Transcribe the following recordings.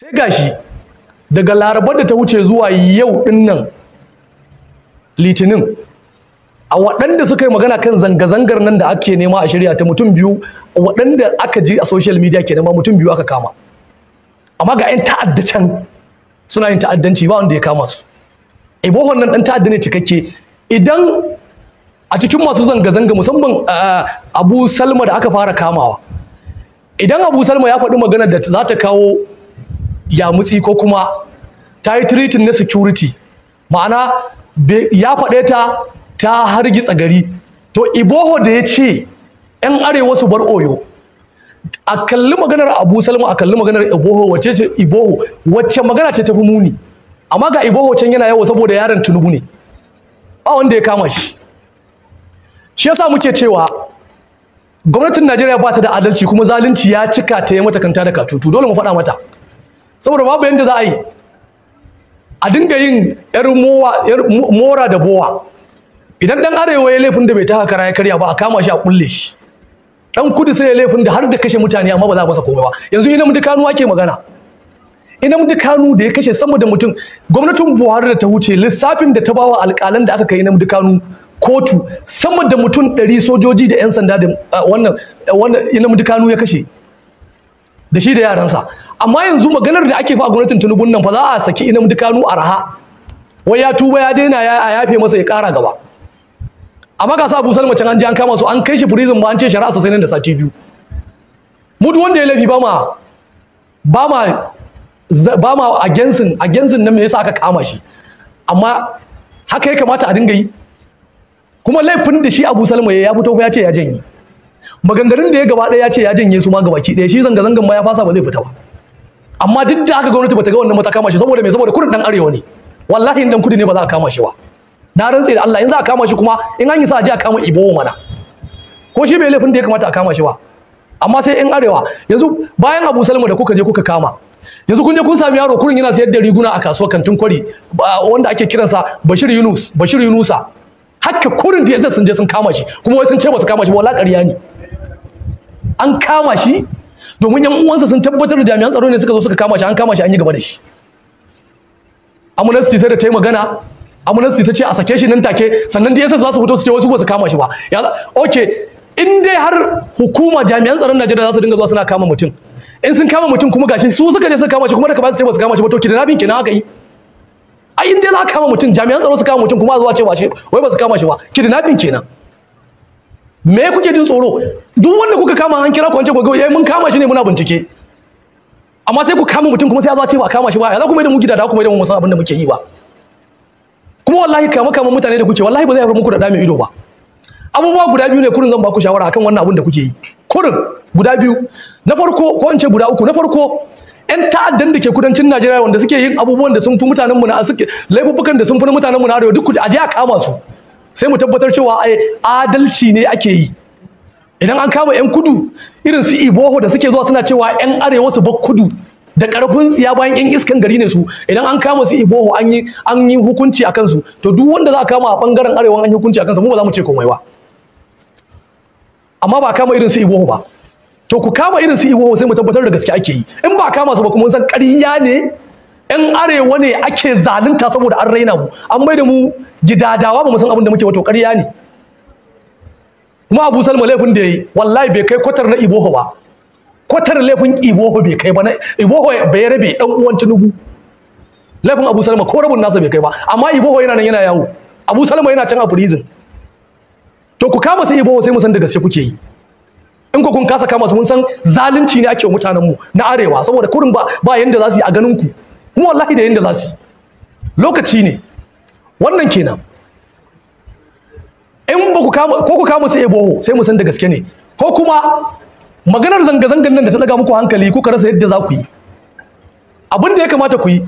sai gashi daga larabar da ta wuce zuwa yau nan, litinin a waɗanda suka yi magana kan zanga-zangar nan da ake nema a shirya ta mutum biyu waɗanda aka ji a social media ke nema mutum biyu aka kama amma ga 'yan ta'adda suna yin ta'addanci ba wanda ya kama su ibohon nan ɗan ta'adda ne cikakke idan a cikin masu zanga-zanga musamman ah, abu salma da aka fara kamawa idan abu salma ya faɗi magana da za ta kawo Ya yamutsi ko kuma ta yi tiritin na security ma'ana ya faɗe ta ta hargitsa gari to iboho da ya ce 'yan arewa su bar oyo a kalli maganar abu salma a kalli maganar iboho wacce ce iboho wacce magana ce tafi muni amma ga iboho can yana yawa saboda yaron tunubu ne ba wanda ya kama shi shi yasa muke cewa gwamnatin najeriya ba ta da adalci kuma zalunci ya cika ta yi mata kanta da katutu dole mu faɗa mata saboda babu yanda za a yi a dinga yin yar mora da bowa idan dan arewa ya laifin da bai taka kara ya karya ba a kama shi a kulle shi dan kudu sai ya laifin da har da kashe mutane amma ba za a masa komai ba yanzu ina mutu kanu ake magana ina mutu kanu da ya kashe sama da mutum gwamnatin buhari da ta wuce lissafin da ta ba wa alƙalan da aka kai ina mutu kanu kotu sama da mutum ɗari sojoji da 'yan sanda da wannan ina mutu kanu ya kashe da shi da yaransa amma yanzu maganar da ake fa a gwamnatin tunubun nan fa za a saki inam dukanu araha wai ya tuba ya daina ya a yafe masa ya kara gaba amma ga sa Abu Salma an ji an kama su an kai shi prison ba an ce shari'a sai nan da sati biyu mu duk wanda ya lafi ba ma ba ma ba ma agensin agensin nan me yasa aka kama shi amma haka ya kamata a dinga yi kuma laifin da shi Abu Salma ya fito ya ce ya janye maganganun da ya gaba ɗaya ya ce ya janye su ma gabaki ɗaya shi zanga zangan ma ya fasa ba zai fita ba amma duk da haka gwamnati bata ga wannan mata kama shi saboda me saboda kurin dan arewa ne wallahi in dan kudi ne ba za a kama shi ba na rantse da Allah in za a kama shi kuma in an yi sa a je a kama ibo mana ko shi bai laifin da ya kamata a kama shi ba amma sai in arewa yanzu bayan Abu Salma da kuka je kuka kama yanzu kun je kun sami yaro kurin yana sayar da riguna a kasuwar kantin kwari wanda ake kiransa Bashir Yunus Bashir Yunusa hakka kurin da ya zai sun je sun kama shi kuma wai sun ce ba su kama shi ba wallahi ƙarya ne an kama shi domin yan uwansa sun tabbatar da jami'an tsaro ne suka zo suka kama shi an kama shi an yi gaba da shi amnesty ta da ta yi magana amnesty ta ce a sake shi nan take sannan DSS za su fito su ce wasu ba su kama shi ba ya okay in dai har hukuma jami'an tsaron Najeriya za su dinga zuwa suna kama mutum in sun kama mutum kuma gashi su suka je suka kama shi kuma daga baya su ce ba su kama shi ba to kidnapping kenan aka yi ai in dai za ka kama mutum jami'an tsaro su kama mutum kuma a zuwa ce ba shi wai ba su kama shi ba kidnapping kenan me kuke jin tsoro duk wanda kuka kama an kira ku an ce eh, mun kama shi ne muna bincike amma sai ku kama mutum kuma sai a zo a ce ba kama shi ba ya za ku mai da mu gida da ku mai da mu san abin da muke yi ba kuma wallahi kama kama mutane da kuke wallahi ba zai faru muku da dami ido ba abubuwa guda biyu ne kurin zan ba ku shawara akan wannan abin da kuke yi kurin guda biyu na farko ko in ce guda uku na farko yan ta'addan da ke kudancin Najeriya wanda suke yin abubuwan da sun fi mutanen mu na suke laifukan da sun fi mutanen mu na arewa duk a je a kama su sai mu tabbatar cewa ai adalci ne ake yi idan an kama yan kudu irin su iboho da suke zuwa suna cewa yan arewa su bar kudu da karfin tsiya bayan yan iskan gari ne su idan an kama su iboho an yi an yi hukunci a kansu to duk wanda za a kama a bangaren arewa an yi hukunci a kansa mu ba za mu ce komai ba amma ba kama irin su iboho ba to ku kama irin su iboho sai mu tabbatar da gaske ake yi in ba kama su ba kuma san ƙarya ne yan arewa ne ake zalunta saboda an raina mu an bai da mu gidadawa ba musan abin da muke wato ƙarya ne kuma abu salma laifin da ya yi wallahi bai kai kwatar na iboho ba kwatar laifin iboho bai kai ba na iboho bai rabe dan uwan tinubu laifin abu salma ko rabin nasa bai kai ba amma iboho yana nan yana yawo abu salma yana can a prison to ku kama su iboho sai mu san da gaske kuke yi in ku kun kasa kama su mun san zalunci ne ake wa mutanen mu na arewa saboda kurin ba ba yanda za su yi a ganin ku kuma wallahi da yanda za su lokaci ne wannan kenan in ba ku kama ko ku kama sai mu san da gaske ne ko kuma maganar zanga-zangan nan da ta daga muku hankali kuka rasa yadda za ku yi abin da ya kamata ku yi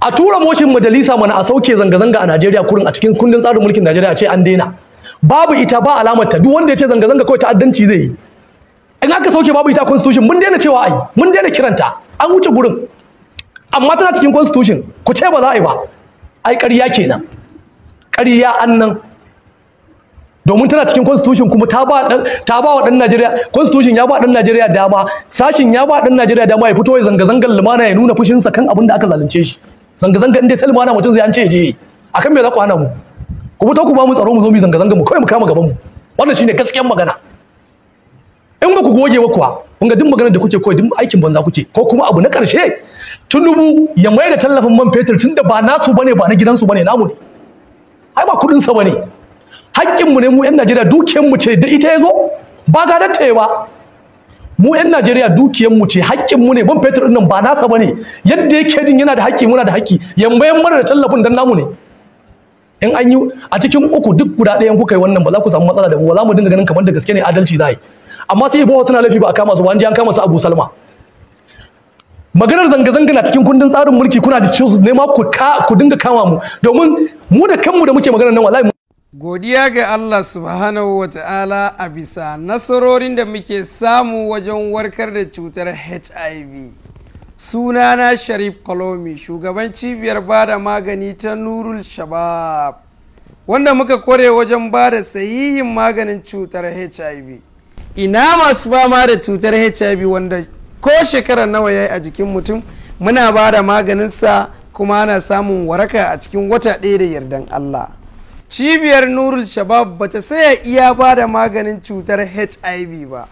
a tura moshin majalisa mana a sauke zanga-zanga a Najeriya kurin a cikin kundin tsarin mulkin Najeriya a ce an daina babu ita ba alamar duk wanda ya ce zanga-zanga kawai ta'addanci zai yi in aka sauke babu ita constitution mun daina cewa ai mun daina kiranta an wuce gurin amma tana cikin constitution ku ce ba za a yi ba ai ƙarya kenan ƙarya annan domin tana cikin constitution kuma ta ba ta ba wa dan Najeriya constitution ya ba dan Najeriya dama sashin ya ba dan Najeriya dama ya fito ya zanga zangar lumana ya nuna fushinsa kan abin da aka zalunce shi zanga zanga inda ta lumana mutum zai an ce je akan me za ku hana mu ku fito ku ba mu tsaro mu zo mu zanga zanga mu kawai mu kama gaban mu wannan shine gaskiyar magana in ba ku goge wa kuwa kun ga duk maganar da kuke koyi duk aikin banza kuke ko kuma abu na ƙarshe dubu ya mai da tallafin man fetur tun da ba nasu bane ba na gidansu bane namu ne ai ba kudin sa bane haƙƙin mu ne mu ƴan Najeriya dukiyar mu ce da ita yazo ba ga da ba. mu ƴan Najeriya dukiyar mu ce haƙƙin mu ne man fetur din nan ba nasa bane yadda yake din yana da haƙƙi muna da haƙƙi yambayan mana da tallafin dan namu ne in an yi a cikin uku duk guda ɗayan kuka yi wannan ba za ku samu matsala da mu ba za mu dinga ganin kamar da gaske ne adalci za yi amma sai ibo suna laifi ba a kama su ba an je an kama su Abu Salma maganar zanga-zanga na cikin kundin tsarin mulki kuna da su nema ku ku dinga kama mu domin mu da kanmu da muke maganar nan wallahi godiya ga Allah subhanahu wa ta'ala a bisa nasarorin da muke samu wajen warkar da cutar HIV sunana Sharif Kolomi shugaban cibiyar bada magani ta Nurul Shabab wanda muka kware wajen bada sahihin maganin cutar HIV ina masu fama da cutar HIV wanda ko shekarar nawa ya yi a jikin mutum muna ba da sa kuma ana samun waraka a cikin wata ɗaya da yardan Allah cibiyar nurul shabab ba ta saya iya ba da maganin cutar hiv ba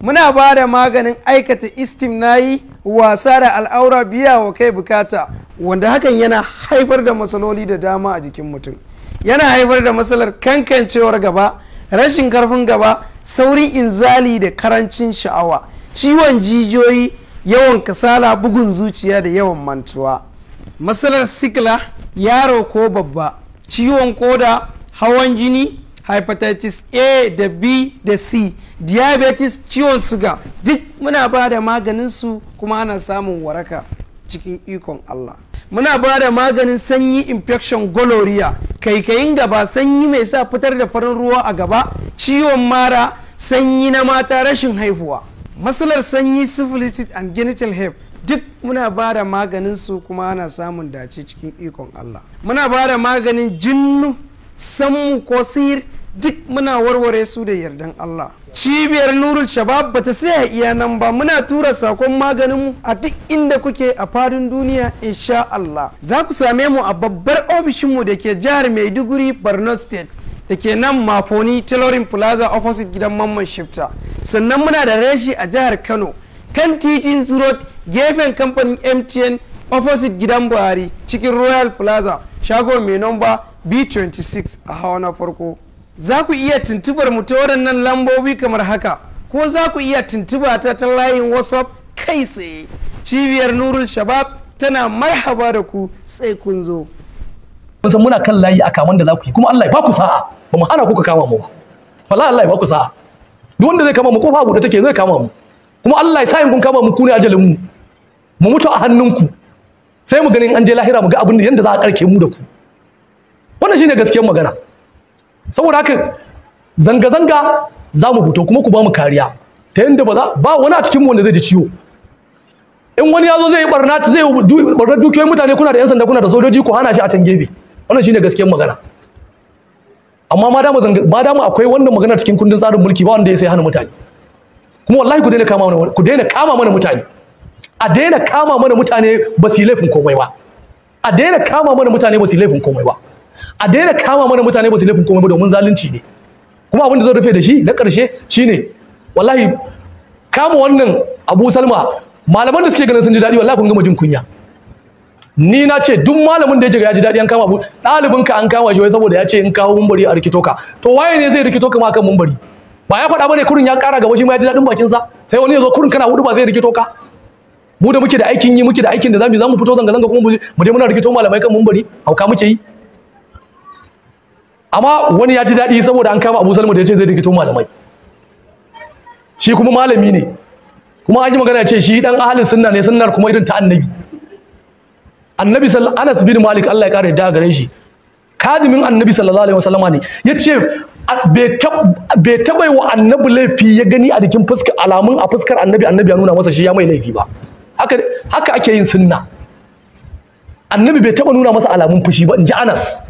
muna ba da maganin aikata istim na yi wasa da al'aura biya wa kai bukata wanda hakan yana haifar da matsaloli da dama a jikin mutum yana haifar da matsalar kankancewar gaba rashin karfin gaba saurin inzali da karancin sha'awa ciwon jijiyoyi yawan kasala bugun zuciya da yawan mantuwa matsalar sikila yaro ko babba ciwon koda hawan jini hepatitis a da b da c diabetes ciwon suga duk muna ba da maganin su kuma ana samun waraka cikin ikon allah muna ba da maganin sanyi infection gonorrhea kaikayin gaba sanyi mai sa fitar da farin ruwa a gaba ciwon mara sanyi na mata rashin haihuwa matsalar sanyi syphilis and genital herb duk muna ba da maganin su kuma ana samun dace cikin ikon Allah muna ba da maganin jinnu sammu ko sihir duk muna warware su da yardan Allah cibiyar nurul shabab bata saya iya nan ba muna tura sakon maganin maganinmu a duk inda kuke a fadin duniya insha Allah za ku same mu a babbar ofishinmu da ke jihar Maiduguri Borno State da ke nan mafoni tailoring plaza opposite gidan mamman shifta sannan muna da reshi a jihar kano kan titin road gefen kamfanin mtn opposite gidan buhari cikin royal plaza shago mai nomba b26 a hawa na farko za ku iya tuntubar mu ta waɗannan lambobi kamar haka ko za ku iya tuntuba ta ta layin whatsapp kai tsaye cibiyar nurul shabab tana marhaba da ku sai kun zo kun san muna kan layi a wanda da za ku yi kuma Allah ya baku sa'a ba mu hana ku ka kama mu ba wallahi Allah ya baku sa'a duk wanda zai kama mu kofa bude take zai kama mu kuma Allah ya sa in kun kama mu ku ne ajalin mu mu mutu a hannunku sai mu ganin an je lahira mu ga abin da yanda za a karke mu da ku wannan shine gaskiyar magana saboda haka zanga zanga za mu fito kuma ku ba mu kariya ta yanda ba za ba wani a cikin mu wanda zai ji ciwo in wani ya zo zai yi barna zai yi dukiyoyin mutane kuna da yan sanda kuna da sojoji ku hana shi a can gefe wannan shine gaskiyar magana amma ma dama ma dama akwai wanda magana cikin kundin tsarin mulki ba wanda ya sai hana mutane kuma wallahi ku daina kama mana ku daina kama mana mutane a daina kama mana mutane ba su laifin komai ba a daina kama mana mutane ba su laifin komai ba a daina kama mana mutane ba su laifin komai ba domin zalunci ne kuma abin da zan rufe da shi na ƙarshe shine wallahi kama wannan Abu Salma malaman da suke ganin sun ji daɗi wallahi kun gama jin kunya ni na ce duk malamin da ya ga ya ji daɗi an kama abu ɗalibin ka an kama shi wai saboda ya ce in kawo mumbari a rikito ka to waye ne zai rikito ka ma kan mumbari ba ya faɗa bane kurin ya ƙara gaba shi ma ya ji daɗin bakin sa sai wani ya zo kurin kana hudu ba zai rikito ka mu da muke da aikin yi muke da aikin da zamu zamu fito zanga zanga kuma mu je muna rikito malamai kan mumbari hauka muke yi amma wani ya ji daɗi saboda an kama Abu Salma da ya ce zai rikito malamai shi kuma malami ne kuma an yi magana ce shi dan ahalin sunna ne sunnar kuma irin ta annabi annabi anas bin malik allah ya kare da gare shi kadimin annabi sallallahu alaihi wasallama ne ya ce bai taɓa wa annabi laifi ya gani a jikin fuskar alamun a fuskar annabi annabi ya nuna masa shi ya mai laifi ba haka ake yin sunna annabi bai taɓa nuna masa alamun fushi ba in ji anas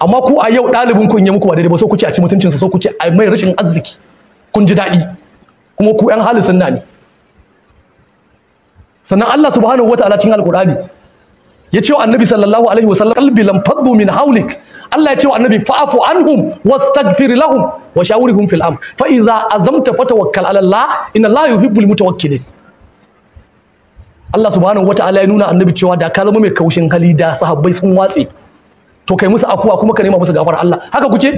amma ku a yau ɗalibin kun yi muku ba daidai ba so kuke a ci mutuncinsa so kuke a mai rashin arziki kun ji daɗi kuma ku 'yan halin sunna ne sannan Allah subhanahu wa ta'ala cikin alkur'ani ya ce wa annabi sallallahu alaihi wasallam qalbi lam faddu min hawlik Allah ya ce wa annabi fa'fu anhum wastaghfir lahum wa shawirhum fil amr fa idza azamta fatawakkal ala Allah inna Allah yuhibbul mutawakkilin Allah subhanahu wataala ya nuna annabi cewa da ka zama mai kaushin hali da sahabbai sun watse to kai musu afuwa kuma ka nema musu gafara Allah haka kuke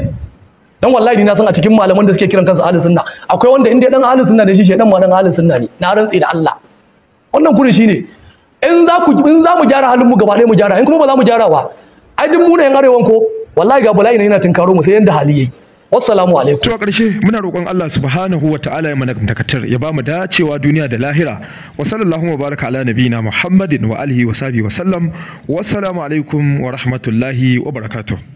dan wallahi ni na san a cikin malaman da suke kiran kansu ahlus sunna akwai wanda inda dan ahlus sunna ne shi shedan ma dan ahlus sunna ne na rantsi da Allah wannan kudin shine in za ku in za mu gyara halin mu gaba ɗaya mu gyara in kuma ba za mu gyara ba ai duk mu ne yan arewan ko wallahi ga bala'i ne yana tinkaro mu sai yanda hali yayi wassalamu alaikum to ƙarshe muna roƙon Allah subhanahu wa ta'ala ya mana takatar ya mu dacewa duniya da lahira wa sallallahu wa baraka ala nabiyina muhammadin wa alihi wa sahbihi wa sallam wassalamu alaikum wa rahmatullahi wa barakatuh